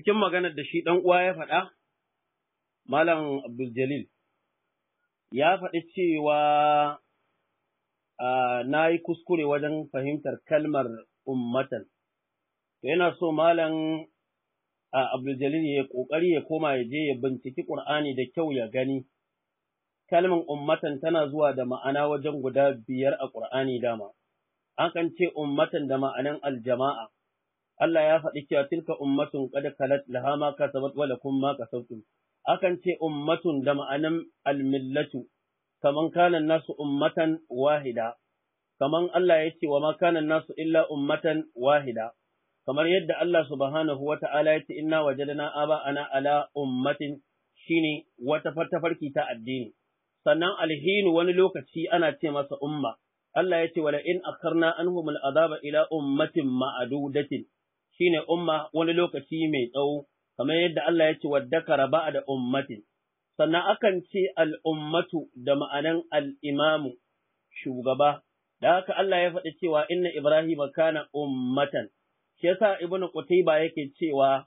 cikin maganar da shi ɗan uwa ya faɗa, Malam Abdul ya faɗi cewa na yi kuskure wajen fahimtar kalmar ummatan. To yana so Malam Abdul Jalil ya ƙoƙari ya koma ya je ya binciki Ƙur'ani da kyau ya gani. Kalmar ummatan tana zuwa da ma'ana wajen guda biyar a Ƙur'ani dama. Akan ce ummatan da ma'anan aljama'a. Allah ya faɗi cewa tilka ummatun qad kalat laha ma kasabat wa lakum ma kasabtum akan ce ummatun da ma'anan almillatu kaman kana nasu ummatan wahida kaman Allah ya ce wa ma kana nasu illa ummatan wahida kamar yadda Allah subhanahu wa ta'ala ya ce inna wajadna aba ana ala ummatin shine wata tafarki ta addini sannan alhinu wani lokaci ana ce masa umma Allah ya ce wala in akharna anhum azaba ila ummatin ma'adudatin shine umma wani lokaci mai tsawo kamar yadda Allah ya ce waddakara da ummati sannan akan ce al'ummatu da ma'anan al'imamu shugaba da haka Allah ya faɗi cewa inna Ibrahim kana ummatan shi yasa ibnu Qutayba yake cewa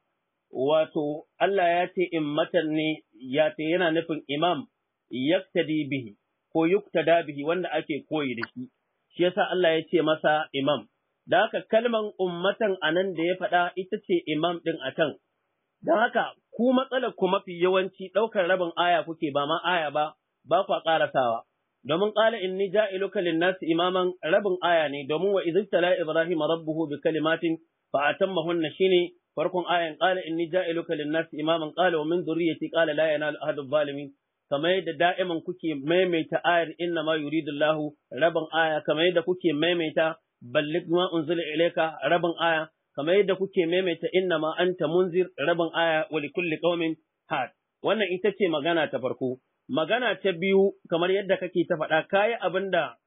wato Allah ya ce immatan ne ya ce yana nufin imam yaktadi bihi ko yuktada bihi wanda ake koyi da shi shi yasa Allah ya ce masa imam Da haka kalman ummatan a nan da ya faɗa ita ce imam ɗin a can. Da haka ku matsalar ku mafi yawanci ɗaukar rabin aya kuke ba ma aya ba, ba kwa ƙarasawa. Domin ƙala in inni ja'iluka linnasi imaman rabin aya ne domin wa izibtala Ibrahim rabbuhu bi kalimatin fa shi ne. farkon ayan ƙala in inni ja'iluka linnasi imaman ƙala wa min dhurriyyati ƙala la na al’adun zalimin kamar yadda da'iman kuke maimaita ayar inna ma yuridullahu rabin aya kamar yadda kuke maimaita Ballik ma unzila ilayka rabin aya kamar yadda kuke maimaita inna ma anta munzir rabin aya wa kulli qaumin had wannan ita ce magana ta farko magana ta biyu kamar yadda kake ta faɗa kayi abin da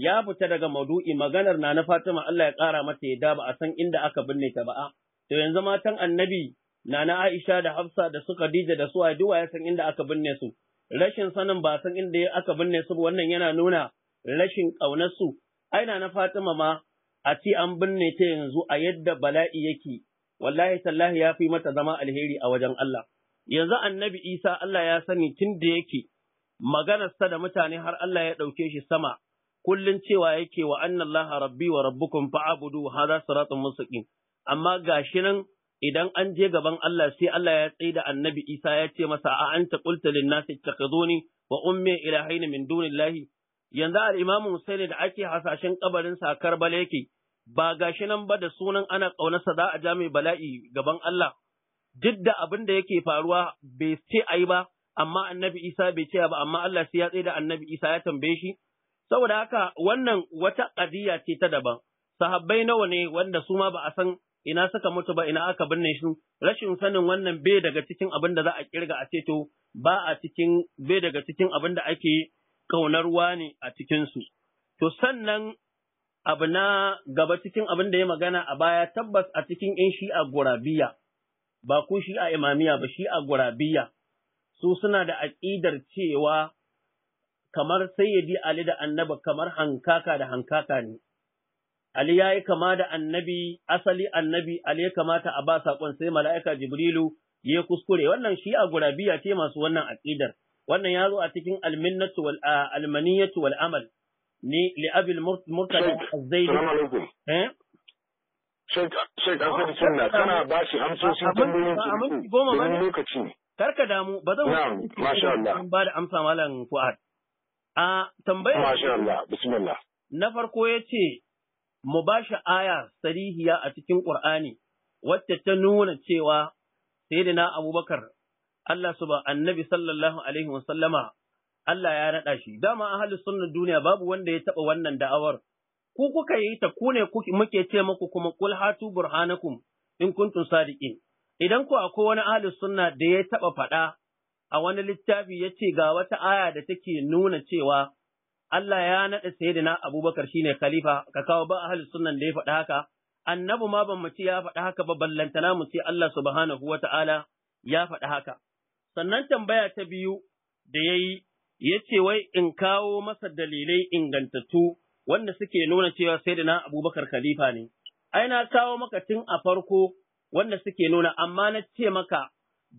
ya fita daga maudu'i maganar na na Fatima Allah ya ƙara mata yadda ba a san inda aka binne ta ba to yanzu matan annabi na na Aisha da Hafsa da su Khadija da su Aduwa ya san inda aka binne su rashin sanin ba san inda aka binne su wannan yana nuna rashin ƙaunar su aina na Fatima ma a ce an binne ta yanzu a yadda bala'i yake wallahi tallahi ya fi mata zama alheri a wajen Allah yanzu annabi Isa Allah ya sani tun da yake maganarsa da mutane har Allah ya ɗauke shi sama kullum cewa yake wa annallaha rabbi wa rabbukum fa'abudu hadha siratun mustaqim amma gashi nan idan an je gaban Allah sai Allah ya tsaye da annabi Isa ya ce masa a anta qulta lin nasi ittakhizuni wa ummi ilahaini min dunillahi yanzu al'imamu Husaini da ake hasashen kabarin sakar bala yake, ba gashi nan ba da sunan ana ƙaunarsa za a ja mai bala'i gaban Allah, duk da abin da yake faruwa bai ce ai ba, amma annabi Isa bai ce ba, amma Allah sai ya tsaye da annabi Isa ya tambaye shi. Saboda haka wannan wata ƙadiyya ce ta daban, sahabbai nawa ne wanda su ma ba a san ina suka mutu ba ina aka binne shi rashin sanin wannan bai daga cikin abin da za a kirga a ceto ba a cikin bai daga cikin abin da ake ƙaunar ne a cikinsu. To sannan abu na gaba cikin abin da ya magana a baya tabbas a cikin ‘yan shi'a gurabiya, ba ku shi'a imamiya ba shi'a gurabiya, su suna da aƙidar cewa kamar sayyidi Ali da annabi kamar hankaka da hankaka ne. Ali ya yi kama da annabi, asali annabi, Ali ya kamata a ba saƙon sai mala'ika Jibrilu ya kuskure, wannan shi'a gurabiya ce masu wannan aƙidar. wannan ya zo a cikin alminnatu wal ah, almaniyatu wal amal ni li abil murtadi az-zaidi eh Sheikh Sheikh ah, Asad Sunna kana bashi amsoshin tambayoyin ki domin lokaci ne karka damu ba zan na'am masha Allah ba da amsa malam Fuad a ah, tambayar masha Allah bismillah na farko yace mu ba shi aya sarihiya a cikin Qur'ani wacce ta nuna cewa Sayyidina Abubakar Allah suba annabi sallallahu alaihi sallama. Allah ya naɗa shi dama ahli sunnar duniya babu wanda ya taɓa wannan da'awar ku kuka yi ta ku ne muke ce muku kuma kul hatu burhanakum in kuntum sadiqin idan ku akwai wani ahli sunna da ya taɓa faɗa a wani littafi ya ce ga wata aya da take nuna cewa Allah ya naɗa sayyidina Abubakar shine khalifa ka kawo ba ahli sunnan da ya faɗa haka annabi ma ban mu ce ya faɗa haka ba ballantana mu ce Allah subhanahu wata'ala ya faɗa haka Sannan tambaya ta biyu da ya yi, ya ce wai in kawo masa dalilai ingantattu wanda suke nuna cewa sai da na abubakar khalifa ne. Ai, na kawo maka tun a farko wanda suke nuna, amma na ce maka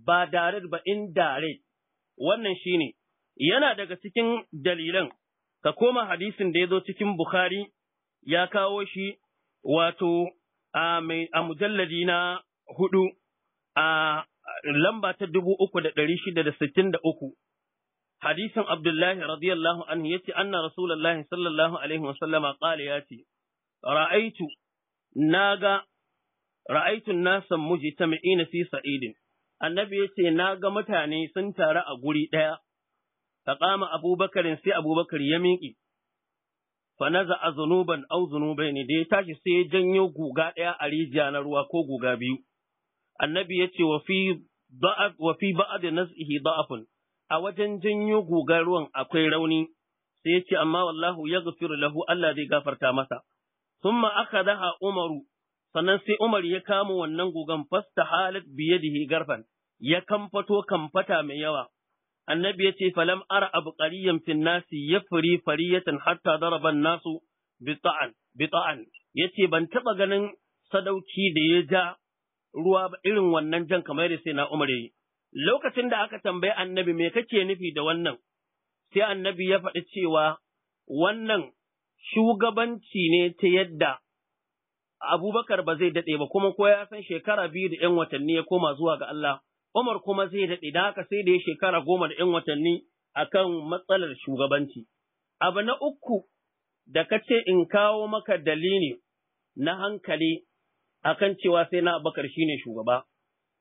ba darid ba in darid, wannan shi ne, yana daga cikin dalilan, ka koma hadisin da ya zo cikin Bukhari ya kawo shi wato a mujalladi na hudu a lamba ta dubu uku da ɗari shida da sittin da uku hadisin Abdullahi radiyallahu anhu ce anna Rasulallahi sallallahu alaihi wa ƙali ya yace ra'aitu ga, ra'aitu nasa ina fi sa'idin annabi na ga mutane sun taru a guri ɗaya. ta ƙama abubakarin sai abubakar ya miƙi fa zunuban au zunubai ne da ya tashi sai ya janyo guga ɗaya a rijiya na ruwa ko guga biyu annabi ya ce wa fi ba'ad nas'ihi da'afun a wajen janyo gugar ruwan akwai rauni sai ya ce amma wallahu ya gafiru lahu Allah zai gafarta masa summa akadaha umaru sannan sai umar ya kama wannan gugan fasta halat biyadihi garfan ya kamfato kamfata mai yawa annabi ya ce falam ara abu qariyan fin nasi yafri fariyatan harta daraban nasu bita'an bita'an yace ban taɓa ganin sadauki da ya ja ruwa ba irin wannan jan kamar da sai na Umar Lokacin da aka tambayi annabi me kake nufi da wannan, sai annabi ya faɗi cewa wannan shugabanci ne ta yadda Abubakar ba zai daɗe ba kuma ko ya san shekara biyu da ‘yan watanni ya koma zuwa ga Allah, Umar kuma zai daɗe da haka sai da ya shekara goma da ‘yan watanni akan matsalar shugabanci. Abu na uku da ka ce in kawo maka dalili na hankali akan cewa sai na shi shine shugaba.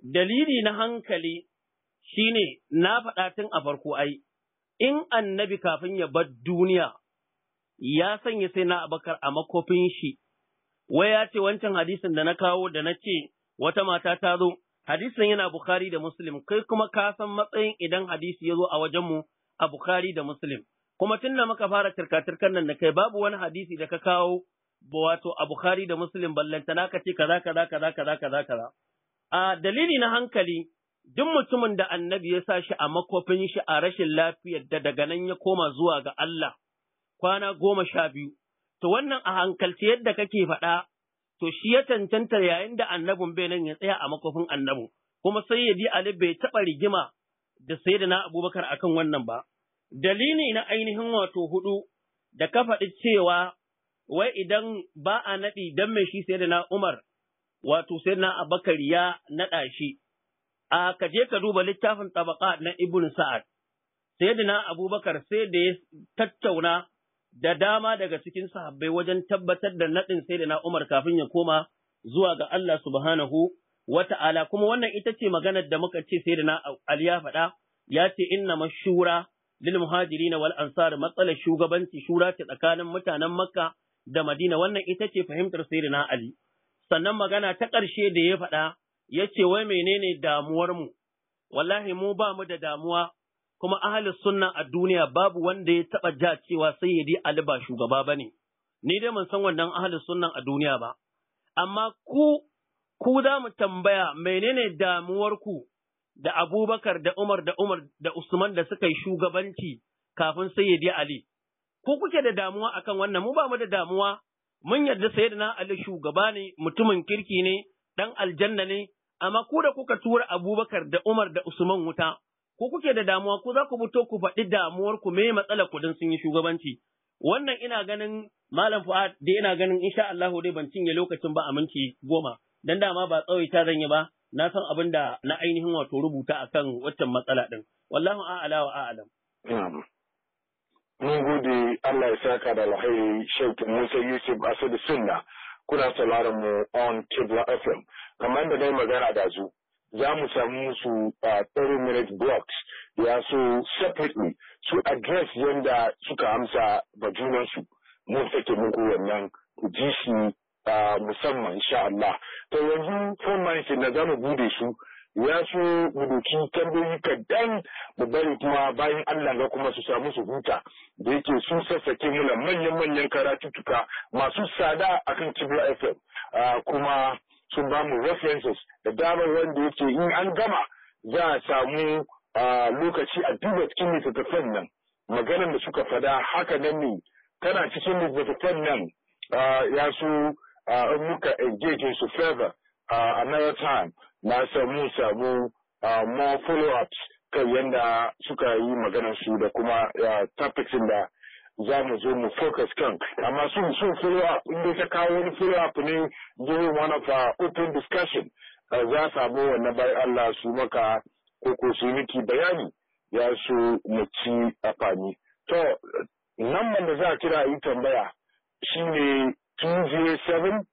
Dalili na hankali shine na faɗa tun a farko ai, in annabi kafin ya bar duniya ya sanya sai na abakar a makofin shi, wai ya ce wancan hadisin da na kawo da na ce wata mata ta zo, hadisin yana Bukhari da Muslim, kai kuma ka san matsayin idan hadisi ya zo a wajenmu a Bukhari da Muslim. Kuma tun da muka fara turka nan da kai babu wani hadisi da ka kawo wato a Bukhari da Muslim ballantana ka ce kaza kaza kaza kaza kaza kaza a dalili na hankali duk mutumin da annabi ya sa shi a makofin shi a rashin lafiyar da daga nan ya koma zuwa ga Allah kwana goma sha biyu to wannan a hankalci yadda kake faɗa to shi ya cancanta yayin da annabin bai nan ya tsaya a makofin annabin kuma sai ya ji Ali bai taɓa rigima da sai da na abubakar akan wannan ba. Dalili na ainihin wato hudu da ka faɗi cewa wai idan ba a naɗi dan mai shi sai na Umar wato sai na Abakar ya naɗa shi a ka je ka duba littafin tabaka na Ibn Sa'ad sai na Abubakar sai da ya tattauna da dama daga cikin sahabbai wajen tabbatar da naɗin sai na Umar kafin ya koma zuwa ga Allah subhanahu wa ta'ala kuma wannan ita ce maganar da muka ce sai na Ali ya faɗa ya ce inna mashura lil muhajirin wal ansar matsalar shugabanci shura ce tsakanin mutanen Makka da Madina wannan ita ce fahimtar na Ali. Sannan magana ta ƙarshe da ya faɗa ya ce wai menene damuwarmu, wallahi mu ba mu da damuwa kuma ahalin sunna a duniya babu wanda ya taɓa ja cewa sayyidi Ali ba shugaba ba ne. Ni dai mun san wannan ahalin sunnan a duniya ba. Amma ku, ku za mu tambaya menene damuwarku da Abubakar da Umar da Umar da Usman da suka yi shugabanci kafin sayyidi Ali. Ko kuke da damuwa akan wannan mu ba mu da damuwa mun yarda na Ali shugaba ne mutumin kirki ne dan aljanna ne amma ku da kuka tura Abubakar da Umar da Usman wuta ko kuke da damuwa ku za ku fito ku faɗi damuwar ku me matsala ku dan sun yi shugabanci wannan ina ganin Malam Fuad da ina ganin insha Allah dai ban cinye lokacin ba a minti goma dan dama ba tsawai zan yi ba na san abin da na ainihin wato rubuta akan waccan matsala din wallahu a'ala wa a'lam Mun gode Allah ya saka da alheri Sheikh Musa Yusuf Asad Sunna kuna sauraron mu on Kibla FM. Kamar da dai magana da zu, za mu samu su a 30 minute blocks ya so separately su address yanda suka amsa ba su Mun sake muku wannan ku ji shi musamman insha Allah. To yanzu phone lines na za mu bude su ya so mu doki tambayoyi kaɗan mu bari kuma bayan Allah ga kuma su samu su huta da yake sun sassake mula manyan-manyan karatuttuka masu tsada akan Kibra FM kuma sun ba mu references da damar wanda yake in an gama za a samu lokaci a duba cikin littattafan nan maganar da suka fada haka nan ne tana cikin littattafan nan ya so in muka engage su further another time na samu samu more follow-ups kan yadda suka yi maganar su da kuma topics da za mu zo mu focus kan amma sun su follow up in ta kawo wani follow up ne during one of our open discussion za samu wannan bai Allah su maka ko su miki bayani ya su mu ci afani to nan da za a kira yi tambaya shine 207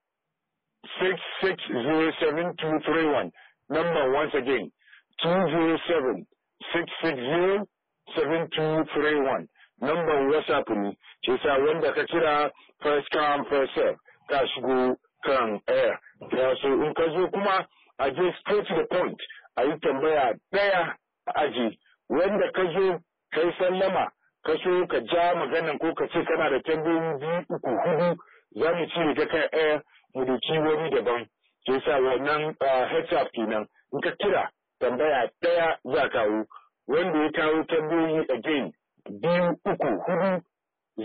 207-660-7231. Number once again, 207-660-7231. Number WhatsApp ne, ke sa wanda ka kira first come first serve ka shigo kan air. Ya so in ka zo kuma a je straight to the point, a yi tambaya ɗaya aji wanda ka zo ka yi sallama ka so ka ja maganan ko ka ce kana da tambayoyi biyu uku hudu za mu ci ka kan air mu wani daban ke sa wannan headshot kenan in ka kira tambaya daya za kawo wanda ya kawo tambayoyi again biyu uku hudu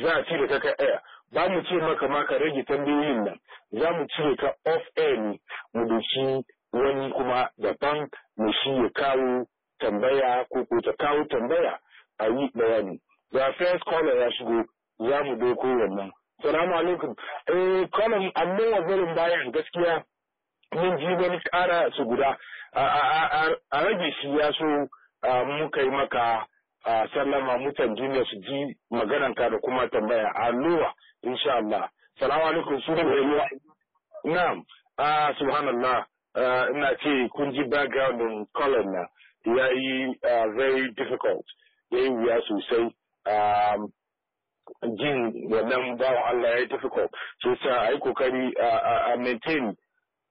za a cire ka ka ɗaya ba mu ce maka ma ka rage tambayoyin nan za mu cire ka off air ne mu duki wani kuma daban mu shi ya kawo tambaya ko ko ta kawo tambaya a yi bayani da first caller ya shigo za mu doko wannan Salamu alaikum. Eh, kwanan amma zarin bayan gaskiya mun ji wani ƙara su guda. A rage shi ya so muka yi maka sallama mutan duniya su ji magananka da kuma tambaya. Alluwa, insha Allah. Salamu alaikum, sunan Eluwa. Na'am, ah, subhanallah. Ina ce kun ji background din colon na ya yi very difficult. Ya yi wuya sosai. jin wannan bawan Allah ya difficult so sa a yi kokari a maintain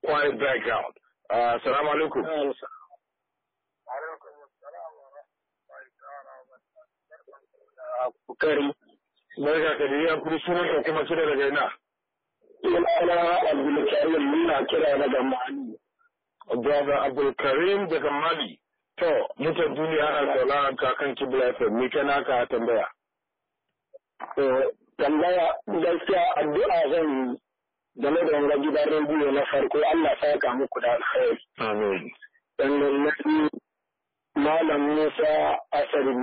quiet background assalamu alaikum kari barka ka dai an kuri sunan ka kuma kira daga ina ina abdulkarim muna kira daga mali daga abdulkarim daga mali to mutan duniya ana sauraron kakan kibla fm me kana ka tambaya Eh, tambaya gaskiya addu'a zan yi game da wanga gidan rediyo na farko Allah saka muku da alkhairi. Amin. Sannan na Malam Musa Asari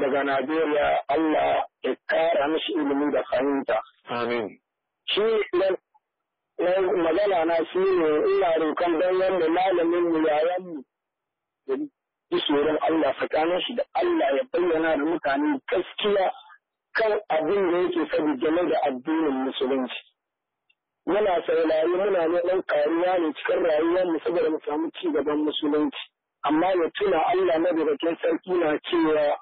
daga Najeriya Allah ya kara mishi ilimi da fahimta. Amin. Shi magana na shi ne ina rokan don wanda malamin mu yayan mu da tsoron Allah tsakanin shi da Allah ya bayyana da mutane gaskiya kan abin da yake faɗi game da addinin musulunci muna saurari muna neman karuwa ne cikin rayuwar mu saboda mu samu ci gaban musulunci amma ya tuna Allah madaukakin sarki na cewa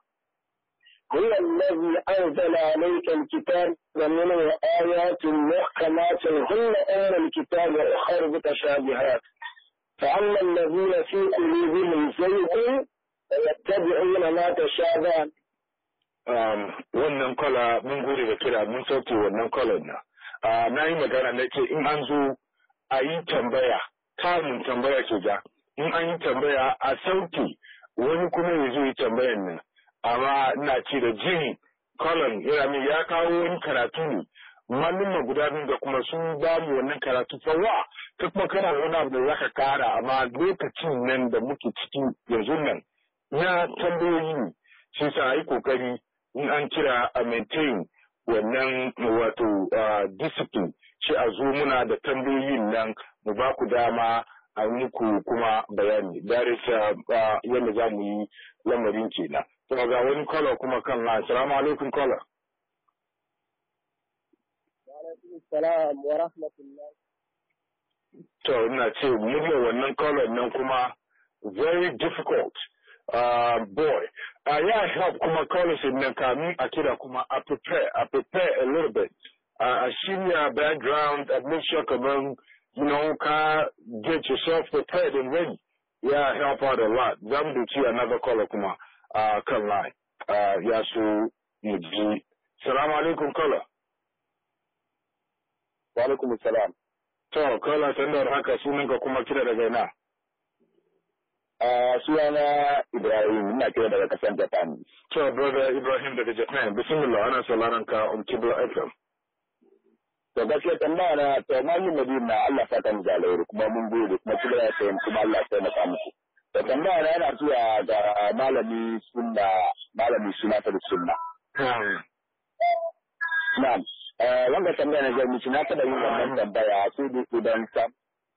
هو الذي أنزل عليك الكتاب ومنه آيات محكمات هن أم الكتاب وأخر متشابهات فأما الذين في قلوبهم زيغ فيتبعون ما تشابه Um, wannan kwala mun gode da kira mun sauke wannan kwalan na. Ah, na yi magana na ce in an zo a yi tambaya, kamun tambaya ke ja, in an yi tambaya a sauke wani kuma ya zo yi tambayan nan. Amma ina ce da jini kwalan yana min ya kawo wani karatu ne. Malumma guda biyu da kuma sun ba mu wannan karatu fawa ta kuma kana wani abu da za ka kara amma lokacin nan da muke ciki yanzu nan na tambayoyi ne shi sa yi kokari in an kira a maintain wannan wato discipline shi a zo muna da tambayoyin nan mu ba ku dama a muku kuma bayani darisa yadda za mu yi lamarin kenan to ga wani kala kuma kan na assalamu alaikum kwala to ina ce muryar wannan kwallon nan kuma very difficult Ah, boy uh, yeah help kuma college in Nankami, a kira kuma a prepare a prepare a little bit ah, uh, a senior background a make sure kaman you know ka get yourself prepared and ready yeah help out a lot zamu dauki another caller kuma uh, kan line uh, ya so mu do. salamu alaikum caller wa alaikum salam to caller sandar haka sunanka kuma kira daga ina suna Ibrahim ina kira daga kasar Japan. To brother Ibrahim daga Japan bismillah ana sauraron ka on Kibla FM. To gaskiya tambaya na to mallam Madina Allah saka mu da kuma mun gode kuma kibla ya sayi kuma Allah ya maka muku. To tambaya na yana zuwa ga malami sunna malami suna ta sunna. Na'am. Eh wanda tambaya na zai mutu na da yin wannan tambaya sai dai idan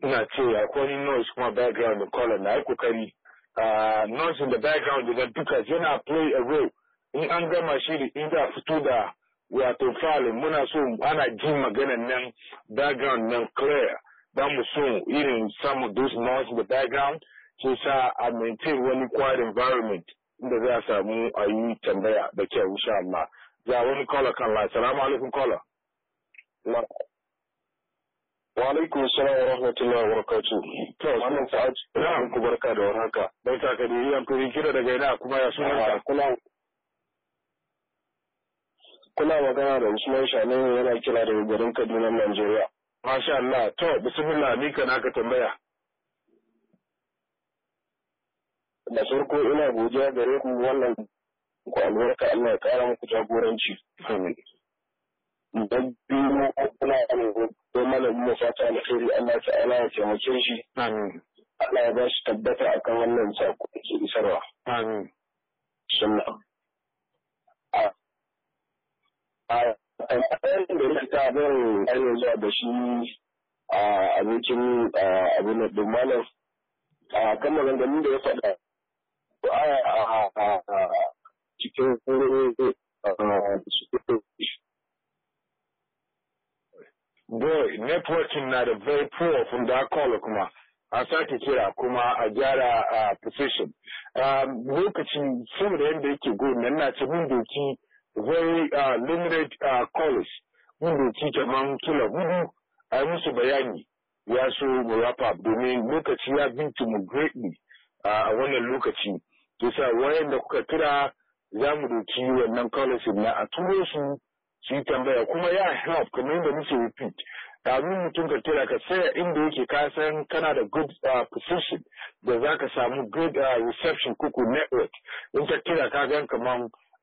ina ce akwai wani noise kuma background da caller na yi kokari ah, noise in the background daga duka yana play a role in an gama shiri in za fito da wato file muna so ana jin maganan nan background nan clear ba mu so irin samun those noise in the background ke sa a maintain wani quiet environment inda za a samu a yi tambaya da kyau insha Allah. Za wani color kan la. Salamu alaikum color Wa alaikum salam wa rahmatullahi wa barakatuh. To, wannan na ina ku da warhaka. Barka ka da kuri kira daga ina kuma ya sunan ka. Ah, kuna magana da Usman Shaminu yana kira daga garin na Najeriya. Masha Allah, to, bismillah, ni ka na-aka tambaya. Da farko ina godiya gari ku wannan Allah Amin. don biyu kuna don Malam ya fata alheri Allah ta'ala ya taimake shi. Allah ya ba shi tabbata a kan wannan sako da ke isarwa. Amin. Sunna. A ɗan da rikita zan ƙarfe zuwa da shi a abincin abin da malam a kan maganganun da ya faɗa. A cikin boy networking na da very poor from da caller kuma a sake kira kuma a gyara a position um, lokacin sama da yadda yake go nan na ce mun doki very limited college mun doki kaman kila hudu a yi musu bayani ya so mu wrap domin lokaci ya bintu mu greatly a wannan lokaci kisa wayanda wayan da kuka kira za mu doki wannan college na a turo su shi yi tambaya kuma ya help kamar yadda muke repeat kamin mutum ka tira ka saya inda yake ka san kana da good uh, position da za ka samu good uh, reception kuku network in ka kira ka gan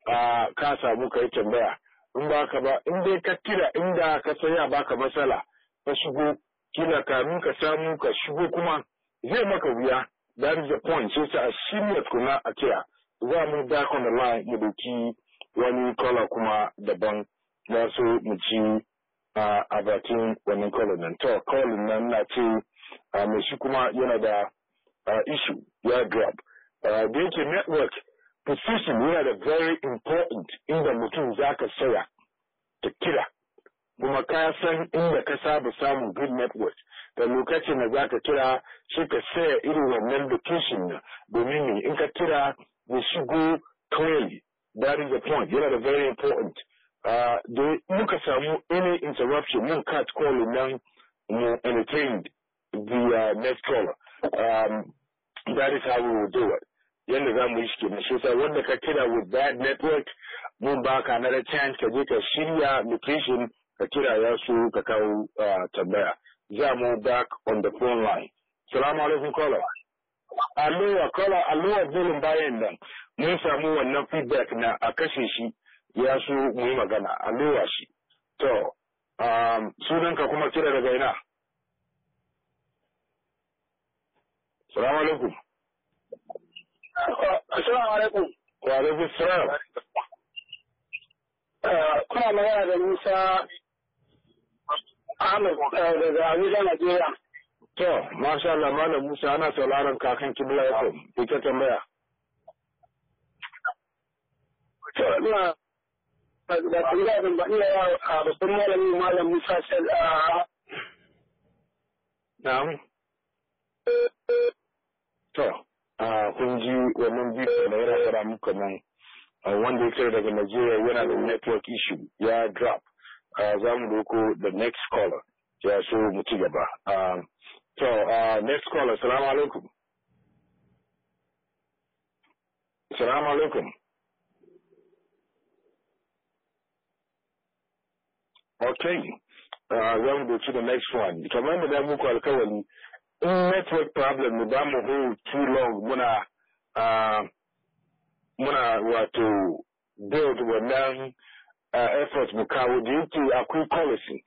uh, ka samu ka yi tambaya in ba ka ba in dai ka kira inda ka saya baka matsala ka shigo kila kamin ka samu ka shigo kuma zai maka wuya that is the point so a shirya tukuna a kira za mu back on the line mu wani kola kuma daban ya so mu ci a bakin wannan kolin nan to kolin nan na ce mai shi kuma yana da issue ya drop da yake network position yana da very important inda mutum za ka saya ta kira kuma ka san inda ka saba samun good network da lokacin da za ka kira shi ka saya irin wannan location na domin in ka kira ya shigo clearly that is the point yana da very important Ah, da muka samu any interruption mun cut call nan mu entertained the uh, next caller um, that is how we will do it yadda za mu yi shi kenan shi yasa wanda ka kira with that network mun baka another chance ka je ka shirya nutrition ka kira ya su ka kawo ah, tambaya za mu back on the phone line salamu alaikum caller alluwa caller alluwa zulun bayan nan mun samu wannan feedback na a kashe shi ya so mu yi magana a lewa shi to um, sunanka kuma kira daga ina salamu alaikum assalamu alaikum wa alaikum salam eh, kuna magana da Musa Ahmed eh, daga Abuja Najeriya To, masha Allah, Malam Musa ana sauraron kakan kibla ya kom, ita tambaya. To, da tambaya ban ba iya a babban malami malam Musa Sal a Na'am. To, a kun ji wannan bidiyo da yana fara muku nan wanda yake daga Najeriya yana da network issue ya drop. Za mu doko the next caller. Ya so mu ci gaba. To, next caller, salamu alaikum. Salamu alaikum. Okay. Uh, za go to the next one. Kamar remember da muku alkawari, in network problem mu ba mu hold too long muna uh, muna wato build uh, effort mu due to a quick policy.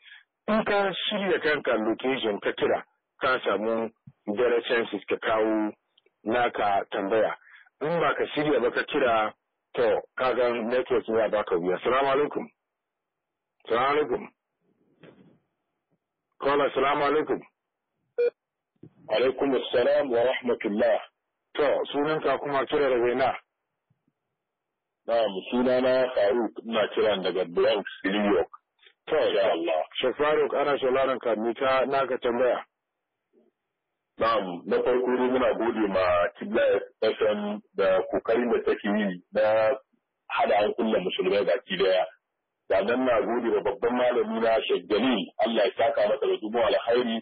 see the shirya of location kakira kansa Moon, Dere chances Kakao, naka tambaya. In ba ka shirya ba to kagan network ya baka Assalamu alaikum. السلام عليكم قال السلام عليكم alaikum assalam wa rahmatullah to sunanka kuma kira daga ina na'am sunana Faruk ina kira daga Bronx New York to ya Allah shi ana sauraron ka ni ta naka tambaya na'am na farko ne muna gode ma Kibla FM da kokarin da take yi na hada hankulan musulmai baki da nan na gode da babban malami na shaggali Allah ya saka masa da dubu alkhairi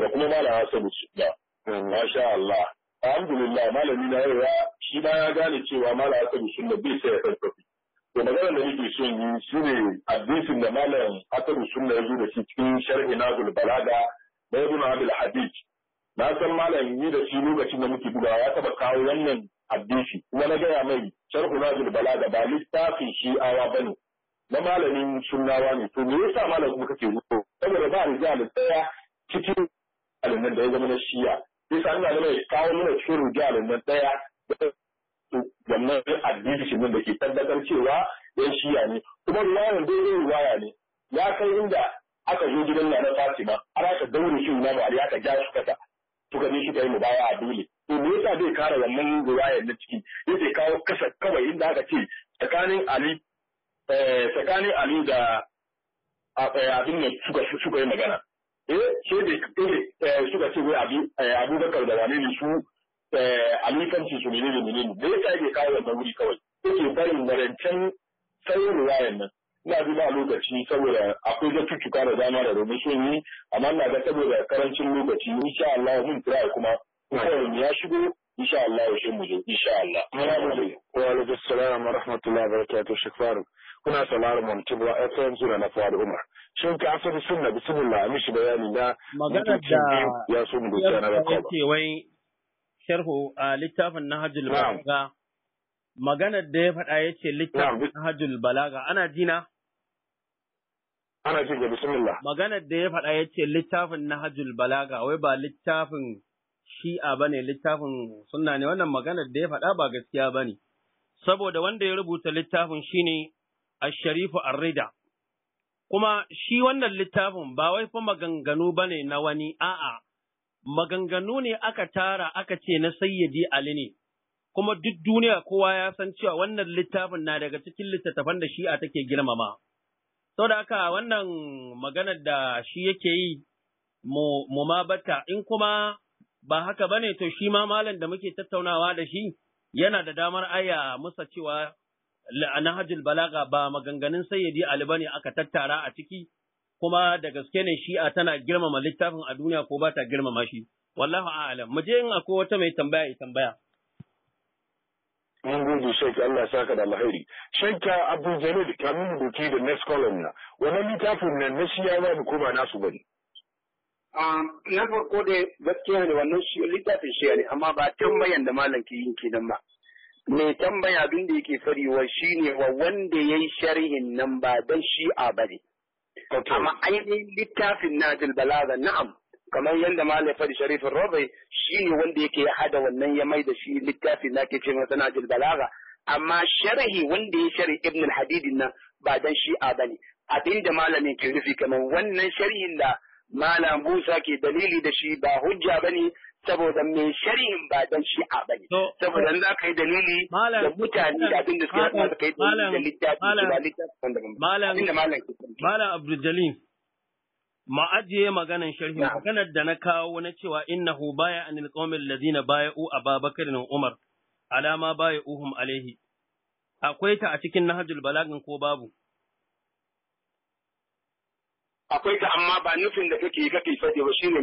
da kuma malam Hassan Shida masha Allah alhamdulillah malami na yau shi ma ya gane cewa malam Hassan Shida bai sai ya farfafi to magana da nake so yi shine hadisin da malam Hassan Shida ya zo da shi cikin sharhi Nazul Balaga da Ibn Abdul Hadid na san malam yi da shi lokacin da muke bugawa ya taba kawo wannan hadisi kuma na gaya mai sharhu Nazul Balaga ba littafin shi'awa bane na malamin sunnawa ne to me yasa malamin kuma kake rubo saboda ba rijal daya cikin alimin da ya zama na shiya yasa ina da mai kawo mana cikin rijal na daya wannan addini shi da ke tabbatar cewa yan shiya ne kuma riwayan dai zai waya ne ya kai inda aka zo gidan na na Fatima har aka daure shi na ba aka ja shi kasa to ne shi kai mu baya a dole to me yasa zai kara wannan riwayar na ciki yake kawo kasa kawai inda aka ce tsakanin Ali Eh, tsakanin Ali da eh, abin da suka suka yi magana eh ce da eh, suka ce wai abi Abubakar da wani ne su Ali kan su ne ne ne Dai sai ke kawo da wuri kawai yake barin warancan sauyin ruwayan nan ina duba lokaci saboda akwai zatuttuka da dama da rubu sun yi amma ina ga saboda karancin lokaci insha Allah mun kira kuma kawai ya shigo insha Allah shi mu je insha Allah wa alaikum assalam wa rahmatullahi wa barakatuh shukran kuna sauraron Montebra FM suna na Fuad Umar. Shin ka san sunna bismillah bayani na magana da ya so mu da na rakoba. wai sharhu a littafin Nahjul Balaga. Maganar da ya faɗa yace littafin Nahjul Balaga ana jina Ana jin bismillah. Maganar da ya faɗa yace littafin Nahjul Balaga wai ba littafin shi'a bane littafin sunna ne wannan maganar da ya faɗa ba gaskiya bane. Saboda wanda ya rubuta littafin shine Asharifu Arrida, kuma shi wannan littafin ba wai fa maganganu ba ne na wani a'a, maganganu ne aka tara aka ce na sayyadi Ali ne, kuma duk duniya kowa ya san cewa wannan littafin na daga cikin littattafan da shi'a take girmama. Saboda haka wannan maganar da shi yake yi mu ma bata in kuma ba haka ba ne to shi ma malam da muke tattaunawa da shi yana da damar aya musa cewa nahajul balaga ba maganganun sayyidi Ali bane aka tattara a ciki kuma da gaske ne shi'a tana girmama littafin a duniya ko ba ta girmama shi wallahu a'lam mu je in akwai wata mai tambaya ya tambaya mun gode shek Allah ya saka da alheri shek Abdul Jalil kamin mu doki da next column na wannan littafin nan na shi ba ni ko ba nasu bane ah, na farko da gaskiya ne wannan littafin shi ne amma ba tambayan da malam ke yin kenan ba mai tambaya abin da yake farewa shine wa wanda ya yi sharhin nan ba dan shi a bari. Amma ainihin littafin Najil Balaga na'am kamar yadda Malam fari Sharifin Rabai shine wanda yake ya hada wannan ya mai da shi littafin na ke ce masa Najil Balaga amma sharhi wanda ya sharhi Ibn al-Hadidin nan ba dan a bane abin Abinda malamin ke rufi kamar wannan sharhin da Malam Musa ke dalili da shi ba hujja bane saboda mai shari'in ba dan shi'a ba ne saboda za ka yi dalili da mutane da abin da suke yi ka yi dalili da littafi da littafi malam malam abdul ma ajiye maganan sharhi maganar da na kawo na cewa innahu baya anil qaumil ladina baya'u ababakar da umar alama baya'uhum alaihi akwai ta a cikin nahjul balagin ko babu akwai ta amma ba nufin da kake kake fade ba shine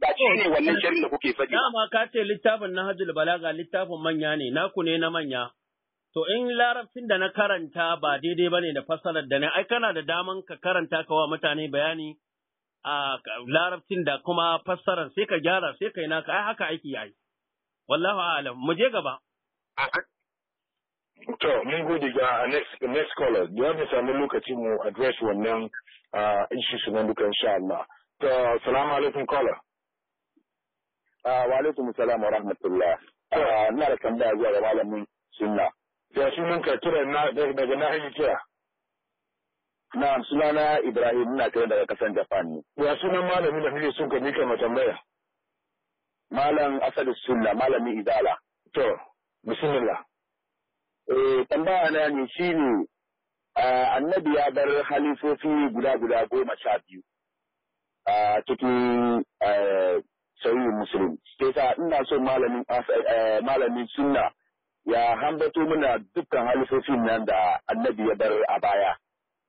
ba shine wannan shirin da kuke fade dama ka ce littafin na hajjul balaga littafin manya ne naku ne na manya to in larabcin da na karanta ba daidai bane da fassarar da ne ai kana da daman ka karanta ka wa mutane bayani a larabcin da kuma fassarar sai ka gyara sai kai naka ai haka aiki yayi wallahu a'lam mu je gaba To, mun gode ga next, next caller, da mu samu lokaci mu address wannan issues sunan duka insha Allah to assalamu alaikum caller wa alaikum assalam wa rahmatullah ina da tambaya zuwa ga malamin sunna da shi mun ka kira na daga na hanyar kira na sunana Ibrahim ina kira daga kasan Japan ne ya sunan malamin da kake son ka mika ma tambaya malam Asadu Sunna malamin Idala to bismillah eh tambaya na ne shine Eh, annabi ya bar halifofi guda guda goma sha biyu a cikin eh, sauyin musulun. Kesa ina so eh, malamin sunna ya hambato mana dukkan halifofin nan da annabi ya bar a baya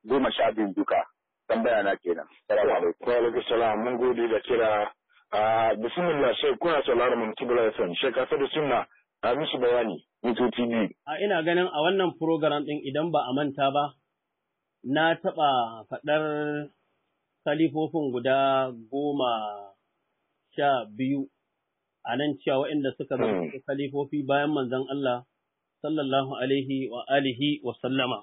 goma sha biyu duka. Tambaya na kenan. Salamu alaikum. Wa alaikum salam. Mun gode da kira. Ah, bismillah shek kuna sauraron mun kibla FM. Shek Asadu Sunna. a bayani mitoci biyu. A ina ganin a wannan program ɗin idan ba a manta ba, na taɓa faɗar kalifofin guda goma sha biyu a nan cewa waɗanda suka zama hmm. kalifofi bayan manzon Allah sallallahu alaihi wa alihi wa sallama.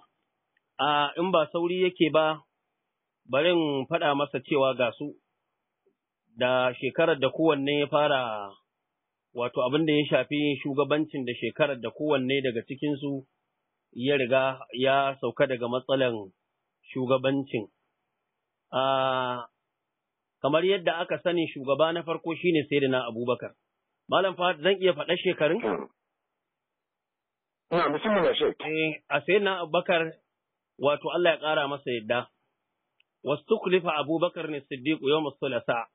A in ba sauri yake ba, barin faɗa masa cewa ga su da shekarar da kowanne ya fara wato abin da ya shafi shugabancin da shekarar da kowanne daga cikinsu ya riga ya sauka daga matsalan shugabancin. Kamar yadda aka sani shugaba na farko shine Sayyidina Abubakar. Malam Fahad zan iya faɗa shekarun? Ina hmm. musamman eh, A Sayyidina Abubakar wato Allah ya ƙara masa yadda. Wasu tukulifa Abubakar ne Siddiq yau musulasa.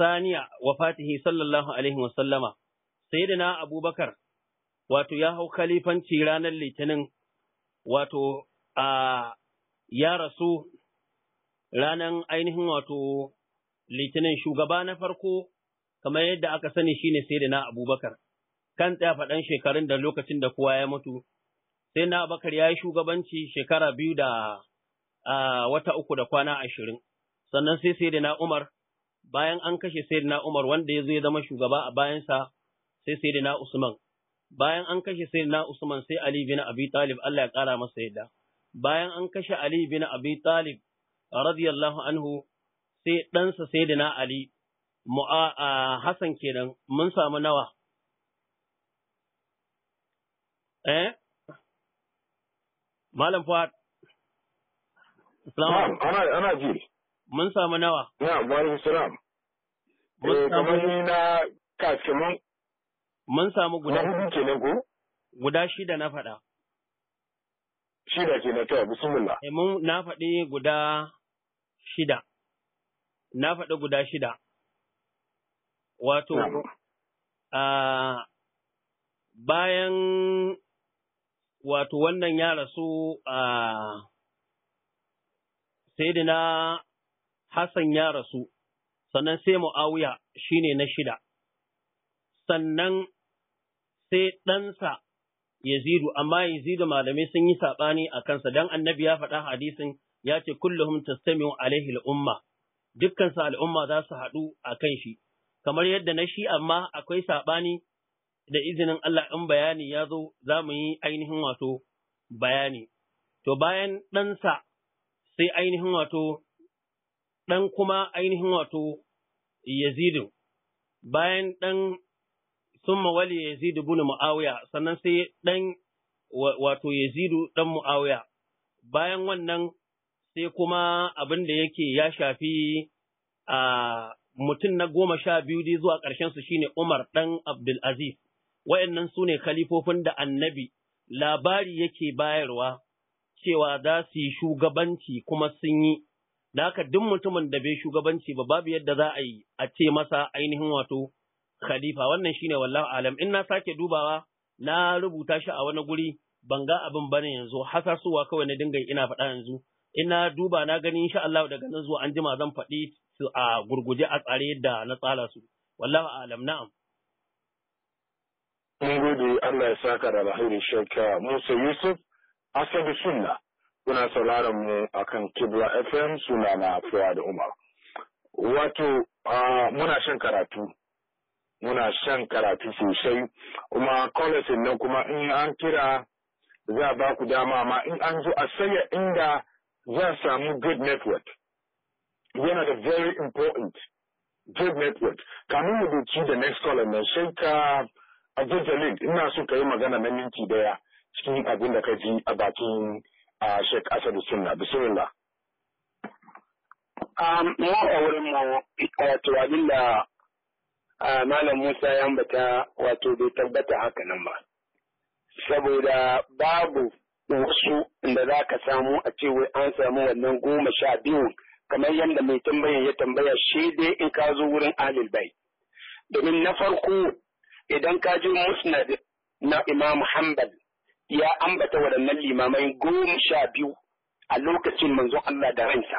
saniya wafatihi sallallahu alaihi wasallama sayyidina abubakar wato ya hau kalifanci ranar litinin wato ya rasu ranar ainihin wato litinin shugaba na farko kamar yadda aka sani shine sayyidina abubakar kan tsaya faɗan shekarun da lokacin da kowa ya mutu sai na abubakar ya yi shugabanci shekara biyu da wata uku da kwana ashirin sannan sai sai na umar bayan an kashe Sayyidina Umar wanda ya zo ya zama shugaba a bayansa sai Sayyidina Usman bayan an kashe Sayyidina Usman sai Ali bin Abi Talib Allah ya kara masa yadda bayan an kashe Ali bin Abi Talib radiyallahu anhu sai ɗansa Sayyidina Ali mu'a Hassan kenan mun samu nawa eh Malam Fuad Assalamu alaikum ana ana ji Mun samu nawa? Na, wani salam. Mun eh, samu ni na kasimun. Mun samu guda. Na hudu kenan ku? Guda shida na faɗa. Shida kenan to, bismillah. Eh, mun na faɗi guda shida. Na faɗi guda shida. Wato, a bayan wato wannan ya rasu a na. Hassan ya rasu, sannan sai Mu'awiya ne na shida, sannan sai ɗansa Yazidu, amma Yazidu malamai sun yi saɓani a kansa, don annabi ya faɗa hadisin ya ce sami tastami'u alaihi al'umma, dukkansa al'umma za su haɗu a kan shi, kamar yadda na shi amma akwai saɓani da izinin Allah in bayani ya zo za mu yi ainihin wato bayani. To bayan ɗansa sai ainihin wato ɗan kuma ainihin wato Yazidu, bayan ɗan summa wali Yazidu bin Mu'awiya, sannan sai ɗan wato Yazidu ɗan Mu'awiya, bayan wannan sai kuma abin da yake ya shafi a mutum na goma sha biyu dai zuwa ƙarshensu shine Umar ɗan Abdulaziz, wa'yannan su ne kalifofin da annabi labari yake bayarwa cewa za su yi shugabanci kuma sun yi Da haka duk mutumin da bai shugabanci ba babu yadda za a yi a ce masa ainihin wato khalifa wannan shine wallahu alam in na sake dubawa na rubuta shi a wani guri ban ga abin bane yanzu hasasuwa kawai na dinga ina faɗa yanzu ina duba na gani insha Allah daga nan zuwa an jima zan faɗi su a gurguje a tsare yadda na tsara su wallahu alam na'am mun gode Allah ya saka da alheri shekara Musa Yusuf Asadu Sunna kuna sauraron mu akan Kibra FM suna na Fuwa da Umar. Wato muna shan karatu, muna shan karatu sosai, kuma kwalasin nan kuma in an kira za a ba ku dama ma in an zo a saya inda za samu good network. Yana da very important good network. kamun mu doki da next caller nan sai ka a jalin ina so ka yi magana na minti daya cikin abin da ka ji a bakin a Sheikh Asadu Sunna bismillah um mu a wurin mu wato abin malam Musa ya ambata wato bai tabbata haka nan ba saboda babu wasu da za ka samu a cewa an samu wannan goma sha biyu kamar yadda mai tambaya ya tambaya shi dai in ka zo wurin alil bai domin na farko idan ka ji musnad na imam hanbal ya ambata waɗannan limamai goma sha biyu a lokacin manzon Allah da ransa.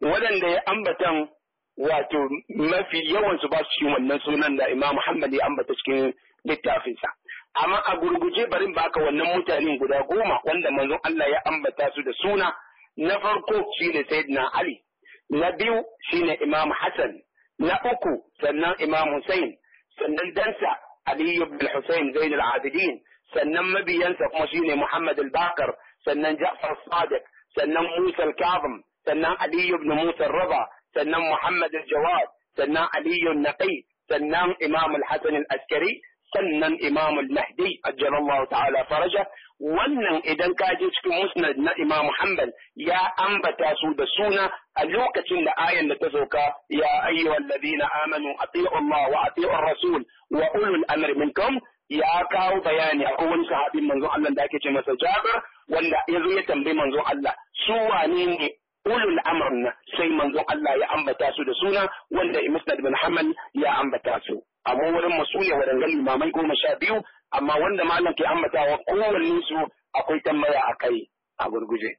Waɗanda ya ambatan wato mafi yawansu ba su yi wannan sunan da Imam Muhammad ya ambata cikin littafinsa. Amma a gurguje barin baka wannan mutanen guda goma wanda manzon Allah ya ambata su da suna na farko shine Sayyidina Ali, na biyu ne Imam Hassan, na uku sannan Imam Hussein, sannan dansa aliyu ibn Hussein Zainul Abidin, sannan mabiyansa kuma shine Muhammad al-Bakar sannan Ja'far Sadiq sannan Musa al-Kazim sannan Ali ibn Musa al-Raba sannan Muhammad al-Jawad sannan Ali al-Naqi sannan Imam al-Hasan al-Askari sannan Imam al-Mahdi ajjalallahu ta'ala faraja wannan idan ka je cikin musnad na Imam Hanbal ya ambata su da suna a lokacin da ayan da ta sauka ya ayyuhal ladina amanu ati'u Allah wa ati'u rasul wa ulul amri minkum ya kawo bayani akwai wani sahabin manzon Allah da ake ce masa Jabir wanda ya zo ya tambayi manzon Allah su wane ne ulul amr sai manzon Allah ya ambata su da suna wanda Musnad bin Hamal ya ambata su amma wurin wa wadannan limamai goma sha biyu amma wanda malam ke ambatawa kowanne su akwai tambaya a kai a gurguje.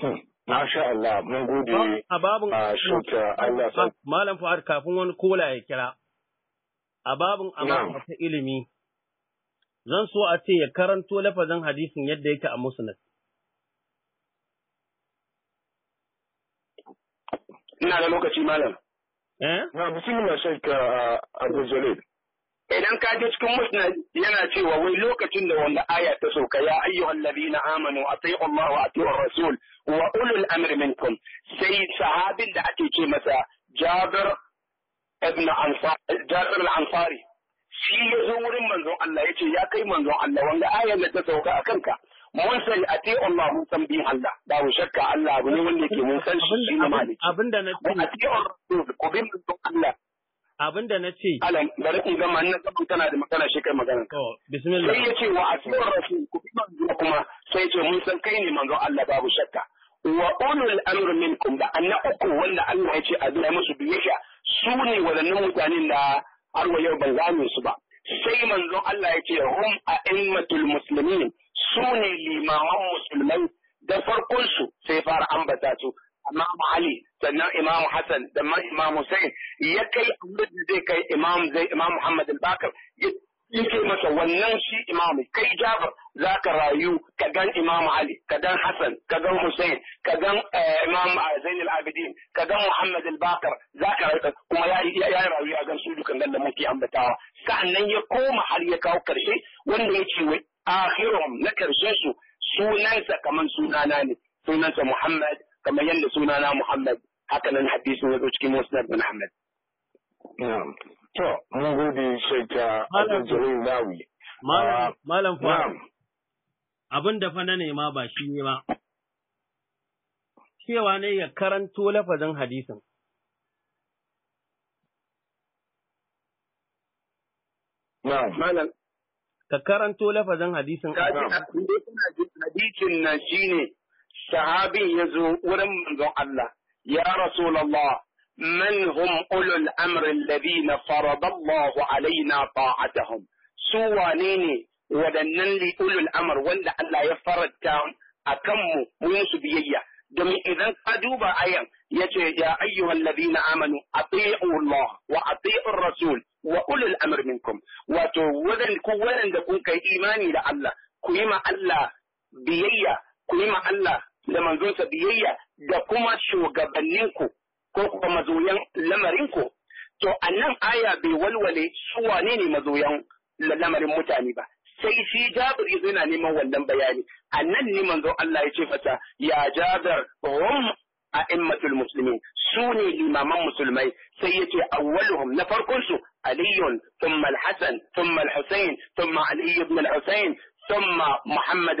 Hmm. Masha Allah mun gode a shuka Allah Malam Fuad kafin wani kola ya kira a babin amma ta ilimi zan so a ce ya karanto lafazin hadisin yadda yake a musnad. Ina da lokaci malam. Eh? Na bismillah shaika Abu Jalil. Idan ka ji cikin musnad yana cewa wai lokacin da wanda aya ta sauka ya ayyuhal ladina amanu atiiu Allah wa atiiu rasul wa ulul amri minkum sai sahabin da ake ce masa Jabir ibn Ansari Jabir al-Ansari shi ya zo wurin manzon Allah ya ce ya kai manzon Allah wanda ayar da ta sauka a kanka mun sani a te Allah mun san bin Allah babu shakka Allah abu ne wanda yake mun san shi shi ne maliki da na ce a te Allah ko bin Allah da na ce alan da in gama na sabon tana da magana shi kai magana to bismillah sai ya ce wa asir rasul ku bi manzo kuma sai ce mun san kai ne manzon Allah babu shakka wa ulul amr minkum da anna uku wanda Allah ya ce a bi musu biyayya su ne wadannan mutanen da har wa yau ban gane su ba sai manzon Allah ya ce a immatul muslimin su ne limaman musulmai da farkon su sai fara ambata su Imam Ali sannan Imam Hassan sannan Imam Hussein ya kai abin da zai kai Imam zai Imam Muhammad al ya in kai masa wannan shi imamu kai jabar za ka rayu ka gan imam ali ka gan hassan ka gan hussein ka gan eh, imam eh, zain al-abidin ka gan muhammad al-bakar za ka rayu kuma ya yi rayu a gan su dukan nan da muke ambatawa sa'annan ya koma har ya kawo karshe wanda ya ce wai akhirum na karshe su sunansa kaman sunana ne sunansa muhammad kamar yadda sunana muhammad haka nan hadisin ya zo cikin musnad bin ahmad To, mun gode shaita Abdul Jalil Nawi. Malam ah, fa. Abin da fa na nema ba shi ne ba. Cewa ne ya karanto lafazin hadisin. Malam. Ka karanto lafazin hadisin. Hadisin na shi ne sahabin ya zo wurin manzon Allah. Ya Rasulallah, من هم أولو الأمر الذين فرض الله علينا طاعتهم سوانيني نيني ودنن لي أولو الأمر ولا ألا يفرد كام أكم موسو بيية دم إذن قدوبة أيام يتي يا أيها الذين آمنوا أطيعوا الله وأطيعوا الرسول وأولو الأمر منكم وتوذن كوانا دكون كي إيماني لألا كيما ألا بيية كيما ألا لمن ذنس بيية دكما شو ko kuma mazoyan lamarin ko to annan aya bai walwale su wane ne mazoyan lamarin mutane ba sai shi Jabir yazo yana neman wannan bayani annan ne manzo Allah ya ce fata ya Jabir hum a'immatul muslimin su ne limaman musulmai sai yace awwaluhum na farkon su علي ثم الحسن ثم الحسين ثم thumma Muhammad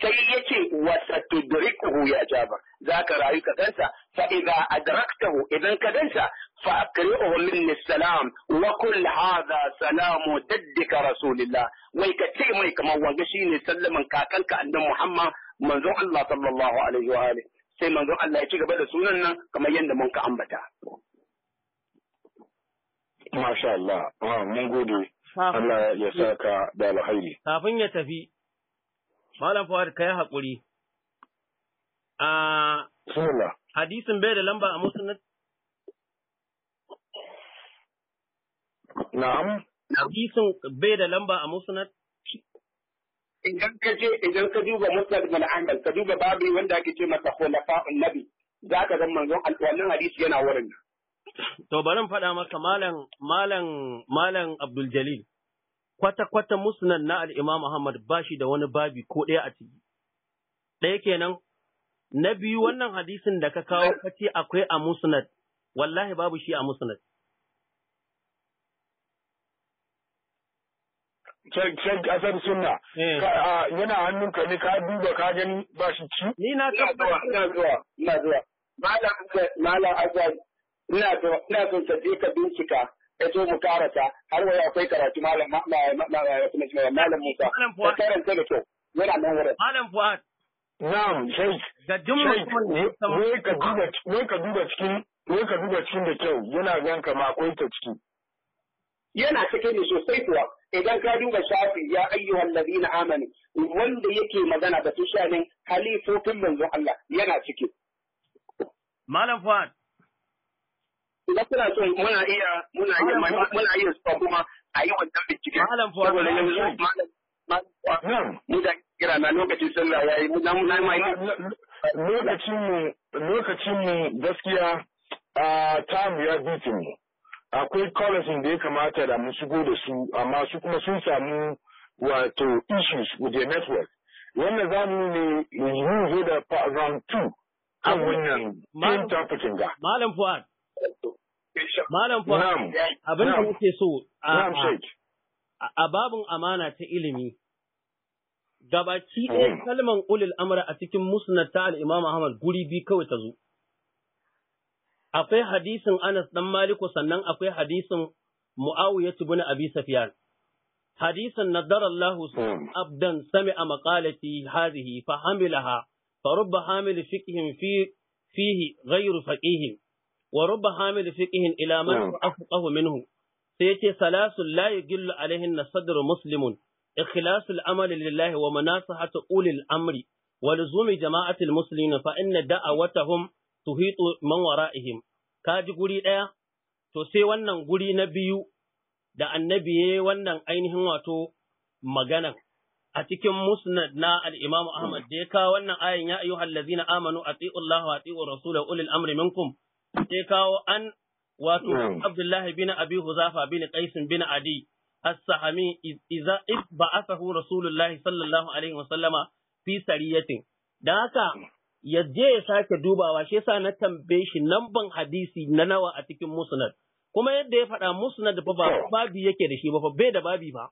sai yace wa ya Jabir zaka rayu ka gansa fa idza idan ka gansa fa aqri'uhu minni salam wa wai ka mai kamar wanga shine sallaman kakanka annabi Muhammad manzon ya ci gaba da sunan nan kamar yadda ambata Masha Allah ya saka da alhairi. Kafin ya tafi, Malam Fawad ka yi haƙuri. A hadisin bai da lamba a musulun Na'am. Hadisin bai da lamba a musulun Idan ka je idan ka duba Musnad bin Ahmad ka duba babu wanda ake ce masa khulafa'un nabi za ka zama manzon alƙawarin hadisi yana wurin nan. To bari faɗa maka malam malam malam Abdul Jalil kwata kwata musnad na al-Imam Muhammad ba shi da wani babi ko ɗaya a ciki. Ɗaya kenan na biyu wannan hadisin da ka kawo kace akwai a musnad wallahi babu shi a musnad. can kasar sunna eh. yana hannunka ne ka duba ka gani ba shi ci ni na tabbata ina zuwa ina zuwa malam malam azan ina son ka je ka bincika ya zo mu karata har wai akwai karatu malam malam Musa ka karanta da kyau yana nan wurin malam Fuad na'am sai ga jumla wai ka duba wai ka duba cikin wai ka duba cikin da kyau yana ganka ma akwai ta ciki yana cikin ne sosai kuwa idan ka duba shafi ya ayyuhan ladina amanu wanda yake magana da tushanin halifofin manzon Allah yana ciki malam Fuad idan kuna so muna iya muna iya muna iya so kuma a yi wannan bincike malam fuad saboda yanzu malam hmm. mu da kira na lokacin sallah yayi mu da na mai lokacin mu lokacin mu gaskiya a time ya bitin mu akwai college da ya kamata da mu shigo da su amma su kuma sun samu wato issues with their network wannan mu ne yanzu zo da round 2 kan wannan interpreting ga malam fuad Malam Fuad, abin da muke so a babin amana ta ilimi, gabaki ɗaya kalman ulil amra a cikin musnad ta al'imam Ahmad guri biyu kawai ta zo. Akwai hadisin Anas ɗan Maliku sannan akwai hadisin ci ibn Abi Sufyan. Hadisin nadara Allah abdan a makalati hazihi fa hamilaha fa rubba hamil fihi gairu faqihin wa rubba hamid fiqhin ila man afqahu minhu sai yace salasul la yajillu alaihin sadr muslimun ikhlasul amali lillahi wa manasahatu ulil amri wa luzumi jama'atil muslimin fa inna da'awatahum tuhitu man wara'ihim kaji guri daya to sai wannan guri na biyu da annabi yayi wannan ainihin wato magana a cikin musnad na al Ahmad da ya kawo wannan ayin ya ayyuhal ladzina amanu atiiu Allah wa atiiu rasulahu ulil amri minkum ke kawo an wato Abdullahi bin Abi Huzafa bin Qais bin Adi as-Sahami idza ba'athahu Rasulullahi sallallahu alaihi wa sallama fi sariyatin dan haka yaje ya sake dubawa shi yasa na tambaye shi namban hadisi na nawa a cikin musnad kuma yadda ya faɗa musnad da ba babi yake da shi ba fa bai da babi ba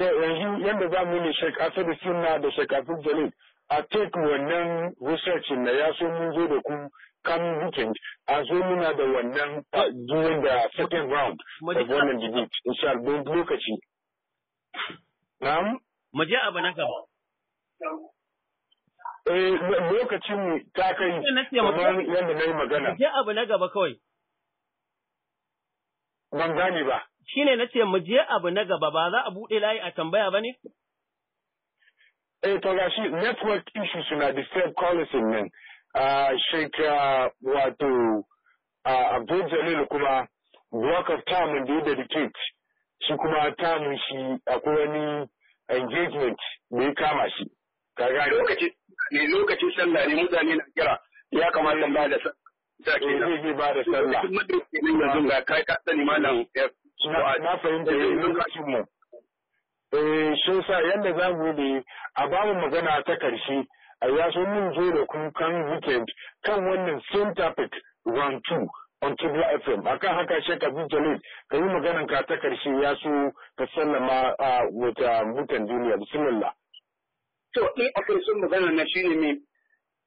to yanzu yanda za mu ne shek asadu sunna da shek jalil a take wannan research na ya so mun zo da ku kan weekend a zo muna da wannan during da second round da wannan debate sha Allah lokaci na'am mu abu na gaba eh lokacin ta kai kamar yadda na yi magana mu abu na gaba kawai ban gane ba Shi ne na ce mu je abu na gaba ba za a buɗe layi a tambaya ba ne eh to shi network issue suna disturb callers nan uh, ah, sheik ah, wato uh, Jalil kuma block of time da ya dedicate shi kuma tamun shi akwai wani engagement da ya kama shi kaga lokaci ne lokacin sallah ne mutane na kira ya kamata ba da sallah eh, zai ba da sallah yanzu ga kai ka sani malam eh, na fahimta eh, lokacin mu eh shi sa yadda za mu yi a ba mu magana ta karshe a yaso mun zo da kan weekend kan wannan same topic round two on Kibla FM akan haka Sheikh Abdul Jalil ka yi maganan ka ta karshe ya so ka sallama a wata uh, mutan duniya bismillah to ni a karshen magana na shine ne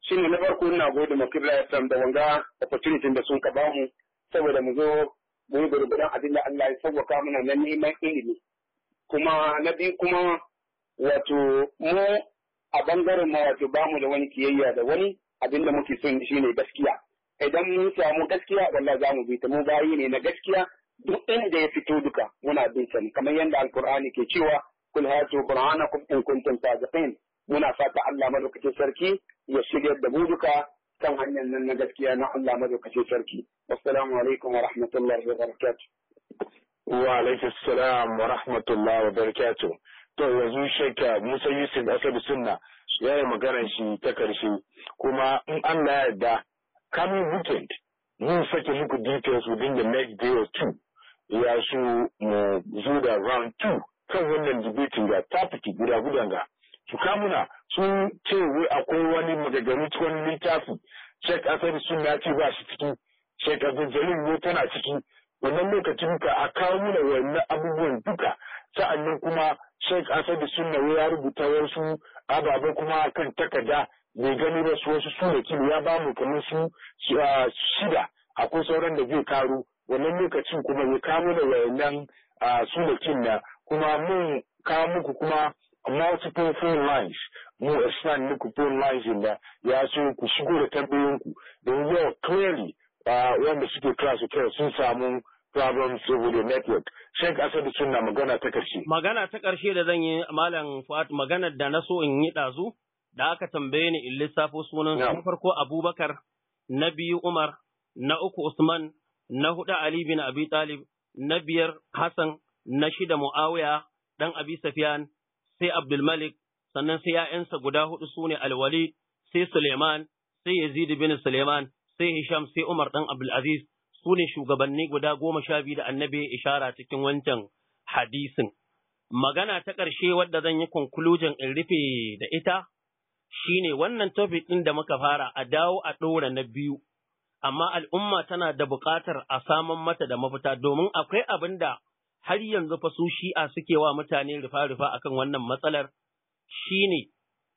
shine na farko ina gode ma Kibla FM da wanga opportunity da sun ka bamu saboda mu zo mu yi gurgurdan abin da Allah ya sauwaka mana na neman ilimi kuma na biyu kuma wato mu a bangaren ma wato bamu da wani kiyayya da wani abin da muke son shine gaskiya idan mun samu gaskiya wallahi za mu ta mu bayi ne na gaskiya duk inda ya fito duka muna bin sa kamar yadda alkur'ani ke cewa kul hatu qur'anakum in kuntum sadiqin muna fata Allah madaukakin sarki ya shigar da mu duka kan hanyar nan na gaskiya na Allah madaukakin sarki assalamu alaikum wa rahmatullahi wa barakatuh wa alaikis salam wa rahmatullah wa barakatu to yanzu shekka Musa Yusuf Asadu Sunna ya yi magana shi ta karshe kuma in an ya yarda kamin weekend mun sake muku details within the next day or two ya su mu zo da round two kan wannan debating ga tafiki guda gudan ga su kamuna sun ce wai akwai wani magagari wani littafi Sheikh Asadu Sunna ce ba shi ciki Sheikh Abdul Jalil tana ciki wannan lokacin ka a kawo mana wannan abubuwan duka sa'annan kuma Sheikh Asadu Sunna ya rubuta wasu ababe kuma kan takarda bai gani ba su wasu sunaki ya ba mu kamar su shida akwai sauran da zai karu wannan lokacin kuma ya kawo da suna sunakin na kuma mun kawo muku kuma multiple phone lines mu expand muku phone lines da ya so ku shigo da tambayoyinku don yau clearly wanda suke kira su sun samu with the network Sheikh Asadu suna magana ta ƙarshe. Magana ta ƙarshe da zan yi Malam Fuad maganar da na so in yi ɗazu da aka tambaye ni in lissafo sunan na farko Abubakar na biyu Umar na uku Usman na huɗu Ali bin Abi Talib na biyar Hassan na shida Muawiya dan Abi Safiyan sai Abdul Malik sannan sai ‘ya'yansa guda huɗu su ne Alwali sai Suleiman sai Yazid bin Suleiman sai Hisham sai Umar ɗan Abdulaziz su ne shugabanni guda goma sha biyu da annabi ishara cikin wancan hadisin. Magana ta ƙarshe wadda zan yi conclusion in rufe da ita shine wannan topic ɗin da muka fara a dawo a ɗora na biyu. Amma al'umma tana da buƙatar a saman mata da mafita domin akwai abin da har yanzu fa su shi'a suke wa mutane rufa-rufa akan wannan matsalar shi ne.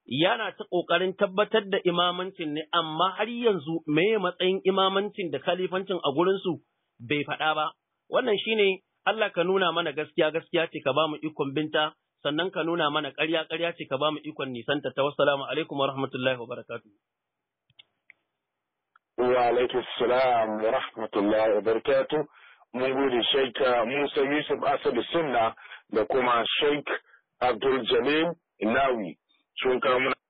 yana ta ƙoƙarin tabbatar da imamancin ne, amma har yanzu meye matsayin imamancin da khalifancin a gurinsu bai faɗa ba. Wannan shi ne Allah ka nuna mana gaskiya gaskiya ce ka ba mu ikon binta, sannan ka nuna mana ƙarya ƙarya ce ka ba mu ikon nisanta ta wassalamu alaikum wa rahmatullahi wa barakatu. Wa alaikum salam wa rahmatullahi wa barakatu. Mun gode Sheikh uh, Musa Yusuf Asadu Sunna da kuma Sheikh Abdul Jalil Nawi. sun kawo mana